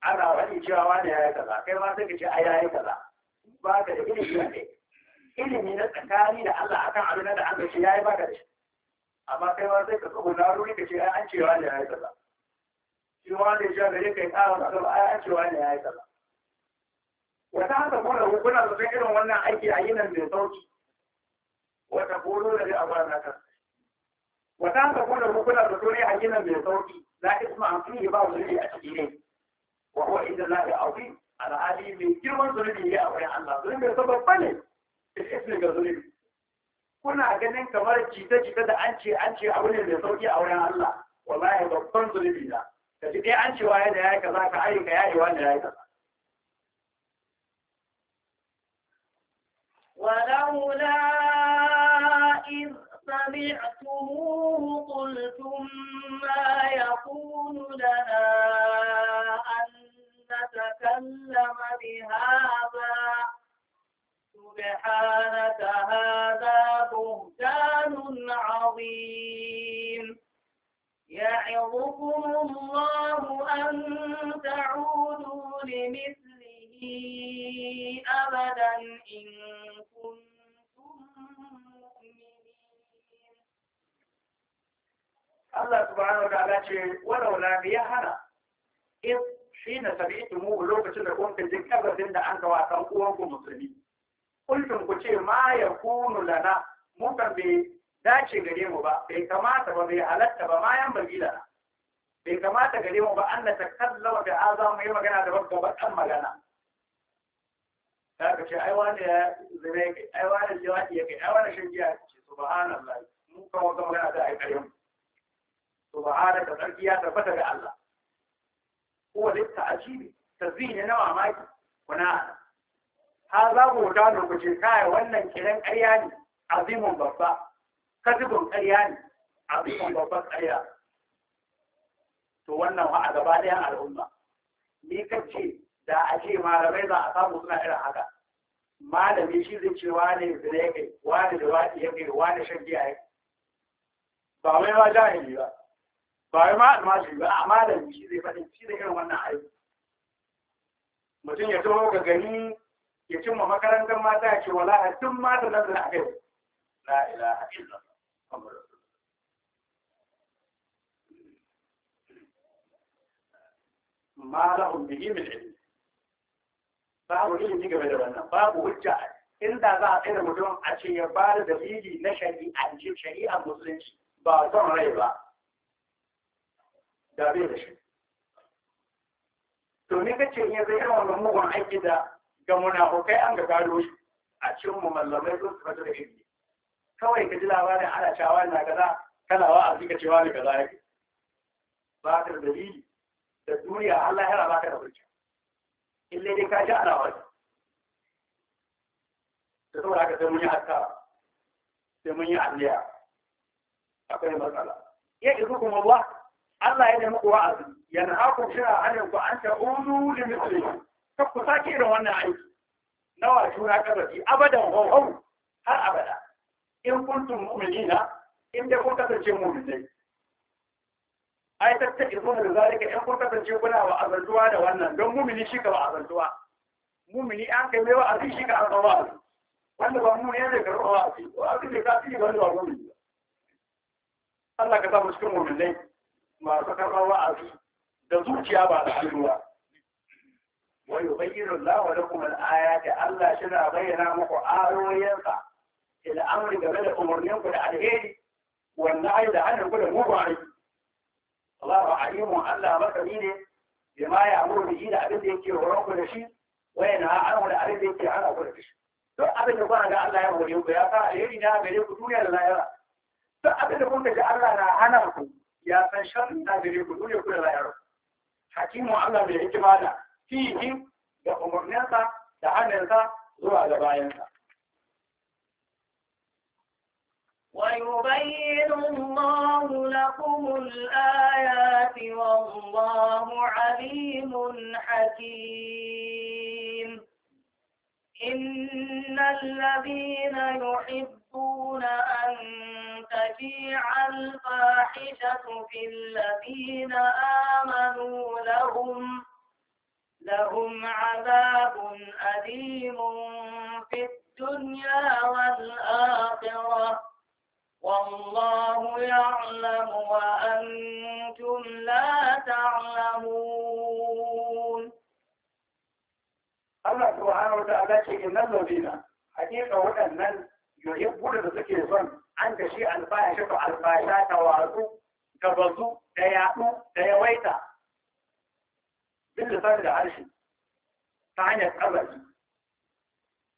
S2: ana wani cewa wani ya yi kaza kai ma sai ce ai ya yi kaza ba ka da ilimi ne ilimi na tsakani da Allah akan abin da an Allah ya yi ba da shi amma kai ma sai ka tsogo na ruri ka ce an cewa ne ya yayi sallah shi ma da shi gare kai ka wani ba an cewa ne ya yi sallah wata haka kuma kuna da irin wannan aiki a yinan mai sauki wata kodo da a ba na kan wata haka kuma kuna da tore a yinan mai sauki za la isma an fihi ba wani a cikin ne wa huwa inda la ya'zim al'ali mai girman zulubi ya a wurin Allah zulubin sa babba ne kuna ganin kamar jita-jita da an ce an ce abu ne mai sauki a wurin Allah wallahi babban zulubi da ka ji ɗaya an ce waye da yayi kaza ka ayyuka yayi wanda yayi kaza
S1: ولولا إذ سمعتموه قلتم ما يكون لنا أن نتكلم بهذا سبحانك هذا بهتان عظيم يعظكم الله أن تعودوا لمثله أبدا إن كنتم مؤمنين
S2: الله سبحانه وتعالى يا بيهنا إذ حين سمعتموه لوكة لكم في الذكر أبدا أنت وأخوكم مسلمين kullum ku ce ma ya kunu lana mu kan bai dace gare mu ba bai kamata ba bai halatta ba ma yan bagi lana bai kamata gare mu ba Allah ta takallama da azam mu magana da babba bakan magana ta ka ce ai wani ya zame kai ai wani jawabi yake ai wani shin giya ce subhanallah mu kan wata magana da ai kayan subhanaka sarki ya tabbata ga Allah ko da ta ajibi tazini na mamaki kuna ha za mu da da kuce kai wannan kiran ƙarya ne azimin babba kadibin ƙarya ne azimin babban ƙarya to wannan wa a gaba ɗayan al'umma ni kace da a ce malamai za a samu suna irin haka malami shi zai ce wani zina yake wani da wani yake wani shan giya ba mai ma jahili ba ba mai ma almajiri ba a malami shi zai faɗin shi zai irin wannan aiki mutum ya taho ga gani ya cimma makarantar mata ya ce wala a duk mata nan da aka yi la ilaha illa ma lahum bihi min ilm babu ilimi game da wannan babu hujja inda za a tsira mutum a ce ya ba da dalili na shari'a ce shari'a musulunci ba son rai ba da bai da shi to ne kace in ya zai irin wannan mugun aiki da ga munafukai an ga gado shi a cikin mu mallamai sun su fata da ilimi kawai ka ji labarin ana cewa na gaza kana wa a cewa ne gaza yake ba ka da dalili da duniya Allah ya raba ka da hujja in dai ka ji ana wani da saboda haka sai mun yi hatta sai mun yi alliya akwai matsala ya izu kuma Allah Allah ya nemi yana wa'azi shi a hannun ku an ta'udu da mutane. kan ku sake da wannan aiki na wato ya karfafi abadan hauhau har abada in kuntum mu'minina in dai kun kasance mu'minai ai ta ta izuna da zalika in kun kasance kuna wa azantuwa da wannan don mu'mini shi ka wa azantuwa mu'mini an kai mai wa azi shi ka an wa wanda ba mu ne da karɓa wa azi wa azi da kafi wanda ba mu'mini Allah ka sa mu cikin mu'minai masu karɓar wa da zuciya ba da hannuwa ويبين الله لكم الآيات ألا شنا بينا مقعار وينفع الأمر قبل أمر ينقل عليه والنعي لعنه كل مبعي الله عليم ألا بكرين بما يعمل به لأبد إنك وروك نشي وينهى عنه لأبد إنك عنه كل شيء فأبد نبعه لألا يمر ينبياك إلينا بريك دنيا لنا يرى فأبد نبعه لألا نعنه يا فنشرنا بريك دنيا كل لا يرى حكيم الله بحكمانه fihi da umarninsa da hannunsa zuwa ga bayansa.
S1: ويبين الله لكم الآيات والله عليم حكيم إن الذين يحبون أن تشيع الفاحشة في الذين آمنوا لهم لهم عذاب أليم في الدنيا والآخرة والله يعلم وأنتم لا تعلمون
S2: الله سبحانه وتعالى كيما نورينا حقيقة من يحب الرزق يظن عند شيء الفاحشة الفاحشة توازو كبزو تياتو تيويتا مثل فرد عرشي تعانية أبدي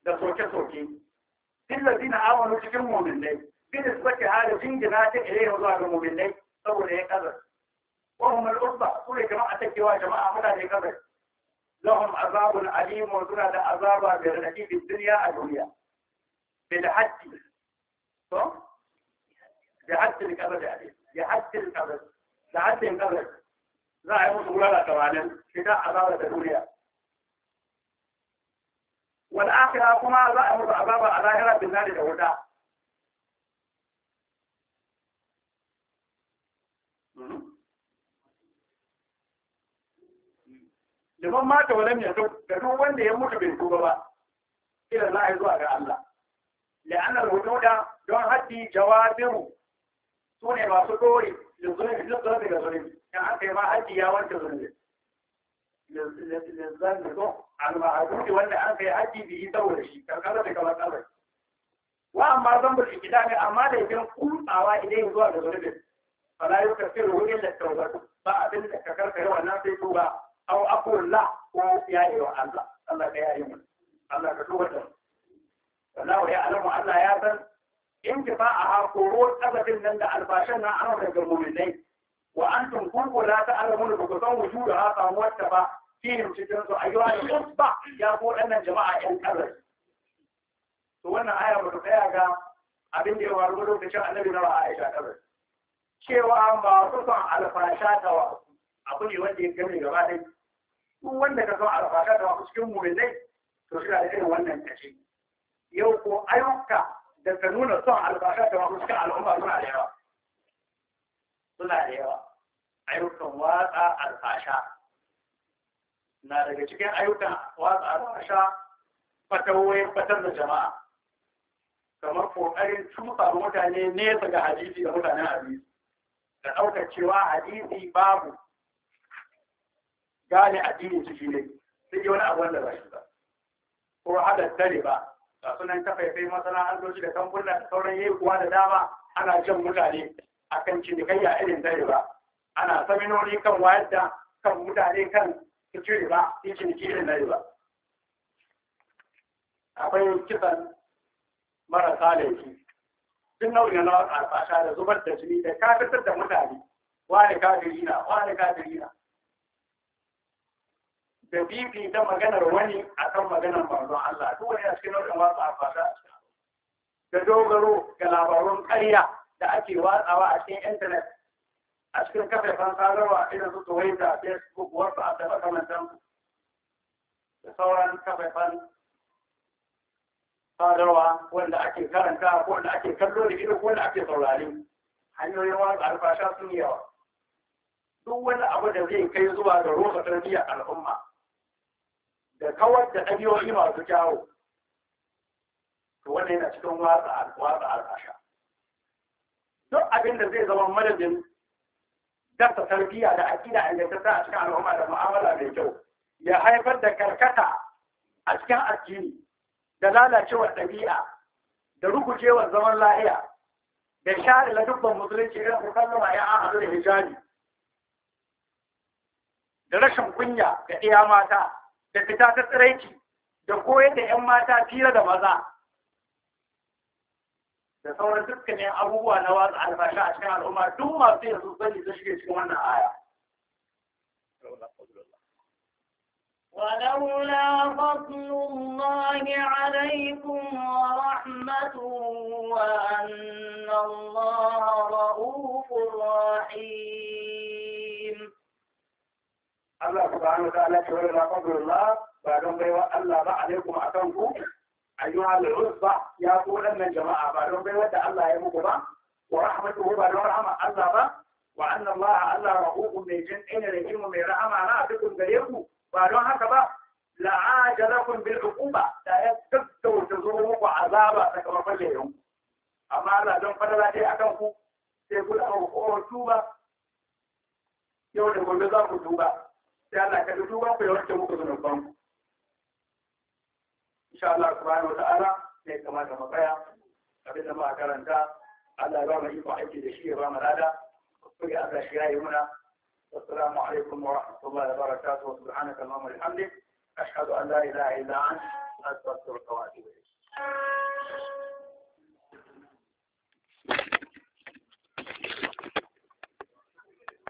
S2: da soke-soke الذين آمنوا cikin mu'minai binisbati hada jingina ta ilayhi zuwa ga mu'minai saboda ya kazar وهم الأربع كل جماعة كوا جماعة مدى لكبر إيه لهم عذاب عليم وذنا عذاب بالرجي في الدنيا الدنيا بالحج بحج الكبر يعني بحج الكبر لحد الكبر za a yi musu wurare tamanin shiga azaba da duniya wal akhirah kuma za a yi musu azaba a lahira bin nari da wuta liman mata walam ya da duk wanda ya mutu bai tuba ba ila za a yi zuwa ga Allah la'anna al-hududa don haddi jawabiru su ne masu dore da daga zulmi in aka yi ma ya wanke zulmi lizzan da zuwa al-ma'adudi wanda an kai haji da saboda shi karkara da kamar tsabai wa amma zan bul ikidami amma da idan kutsawa idan zuwa ga zulmi fala yukaffiru da tawbatu ba abin da ka karkare wannan sai tuba أو أقول Allah, ويا أيها الله الله يا أيها da كتوبة الله alamu Allah ya san. إن جفاء هاقورون أبداً لنا ألباشنا أمر المؤمنين وأنتم كنوا لا تعلمون بقصان وجود هاقا موتفا فيهم شكرا أيها الأصبع يقول أن الجماعة إن أبداً سوانا آية مرتفعها أبن دي وارغلو في شأن نبي نرى عائشة أبداً شيوا ما تصع على فاشاتها أقول يودي الجميع جبادي وأن تصع على فاشاتها وقصكم مؤمنين تصير عليهم وأن تشي يوقو أيوكا Daga nuna son albarka da wasu cikin al'umma suna da yawa suna da yawa ayyukan watsa alfasha na daga cikin ayyukan watsa alfasha fatawoyin fatar da jama'a kamar kokarin tusa mutane nesa ga hadisi da mutanen hadisi da ɗaukar cewa hadisi babu gane addinin ciki ne sai wani abu wanda ba shi ba ko hada tare ba ga sunan an masana'antoci da kamfuna da sauran kuwa da dama ana jan mutane a kan cinikayya irin zai riba ana saminori kan wayar da kan mutane kan su riba su ciniki irin zai ba akwai kisan marasa laifi duk nau'in na alfasha da zubar da jini da kafitar da mutane wani kafirina na wani kafirina na da bibi ta maganar wani akan maganar manzon Allah duk wani a cikin nau'in watsa a fata da dogaro ga labarun ƙarya da ake watsawa a cikin intanet a cikin kafafen sadarwa irin su Twitter, Facebook, WhatsApp da makamantan da sauran kafafen sadarwa wanda ake karanta ko wanda ake kallo da ido ko wanda ake saurari hanyoyin watsa alfasha sun yawa duk wani abu da zai kai zuwa ga rosa tarbiyyar al'umma da kawar da ɗabi'o'i masu kyawo to wannan yana cikin watsa al'asha duk abin da zai zama madadin dasa tarbiyya da aƙida ingantatta a cikin al'umma da mu'amala mai kyau ya haifar da karkata a cikin addini da lalacewar ɗabi'a da rugujewar zaman lahiya da share dubban musulunci irin zama ya an hadu da hijabi da rashin kunya ga iya mata da fita ta tsiraici da koyar da 'yan mata fira da maza da sauran dukkanin abubuwa na watsa albashi a cikin al'umma duk masu yanzu sani ta shige cikin wannan aya.
S1: ولولا فضل الله عليكم ورحمته وأن الله
S2: رؤوف رحيم Allah subhanahu wa ta'ala ce wala fadlullah ba don baiwa Allah ba alaikum akan ku ayyuha ya ku jama'a ba don baiwa da Allah ya muku ba wa rahmatuhu ba don rahama Allah ba wa Allah Allah mai jin da mai rahama na dukkan ku ba don haka ba la'ajalakum bil uquba da ya tattauta muku azaba sakamakon laifin amma Allah don fadala dai akan ku sai ku da ku tuba yau da gobe za ku tuba sai Allah ka duk ba ku ya wanke muku zunuban ku insha Allah subhanahu wata'ala sai kamata mu tsaya abin da muka karanta Allah ya ba mu iko aiki da shi ya ba mu lada ku ya Allah shi yayi muna والسلام عليكم ورحمة الله وبركاته وسبحانك اللهم وبحمدك أشهد أن لا إله إلا أنت أستغفرك وأتوب إليك